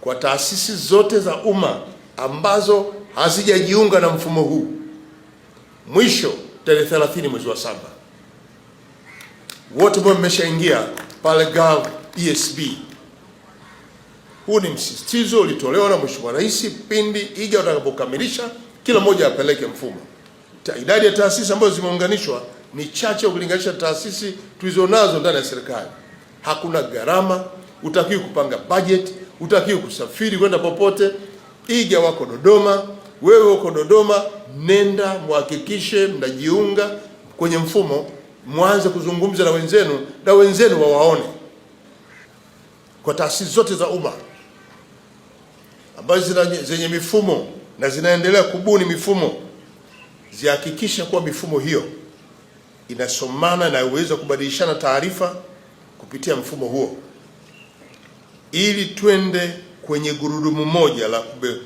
kwa taasisi zote za umma ambazo hazijajiunga na mfumo huu mwisho tarehe 30 mwezi wa saba. Wote ambao mmeshaingia pale gov esb. Huu ni msisitizo ulitolewa na Mheshimiwa Rais pindi iga utakapokamilisha kila mmoja apeleke mfumo. Idadi ya taasisi ambazo zimeunganishwa ni chache ukilinganisha taasisi tulizonazo ndani ya serikali. Hakuna gharama, utakiwi kupanga bajeti, utakiwe kusafiri kwenda popote. Iga wako Dodoma, wewe uko Dodoma, nenda muhakikishe mnajiunga kwenye mfumo, mwanze kuzungumza na wenzenu na wenzenu wawaone kwa taasisi zote za umma ambazo zenye mifumo na zinaendelea kubuni mifumo zihakikishe kuwa mifumo hiyo inasomana na uwezo wa kubadilishana taarifa kupitia mfumo huo ili twende kwenye gurudumu moja la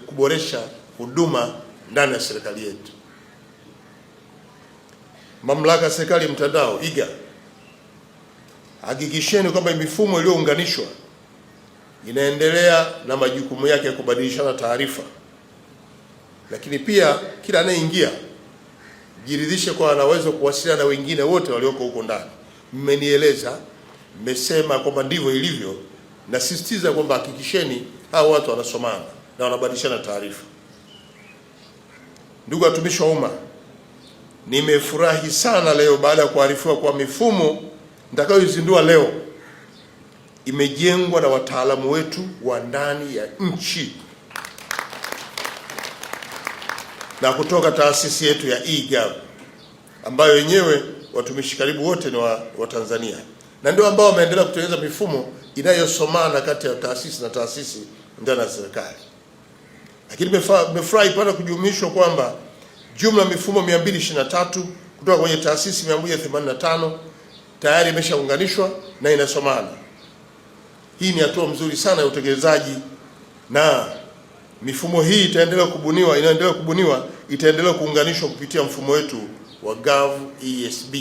kuboresha huduma ndani ya serikali yetu. Mamlaka ya serikali mtandao iga, hakikisheni kwamba mifumo iliyounganishwa inaendelea na majukumu yake ya kubadilishana taarifa, lakini pia kila anayeingia jiridhishe kwa anaweza kuwasiliana na wengine wote walioko huko ndani. Mmenieleza, mmesema kwamba ndivyo ilivyo. Nasisitiza kwamba hakikisheni hao watu wanasomana na wanabadilishana taarifa. Ndugu watumishi wa umma, nimefurahi sana leo baada ya kuarifiwa kwa mifumo nitakayoizindua leo imejengwa na wataalamu wetu wa ndani ya nchi na kutoka taasisi yetu ya eGov ambayo yenyewe watumishi karibu wote ni wa Tanzania na ndio ambao wameendelea kutengeneza mifumo inayosomana kati ya taasisi na taasisi ndani ya serikali. Lakini mefurahi pana kujumlishwa kwamba jumla mifumo 223 kutoka kwenye taasisi 185 tayari imeshaunganishwa na inasomana. Hii ni hatua mzuri sana ya utekelezaji, na mifumo hii itaendelea kubuniwa, inaendelea kubuniwa, itaendelea kuunganishwa kupitia mfumo wetu wa Gov ESB.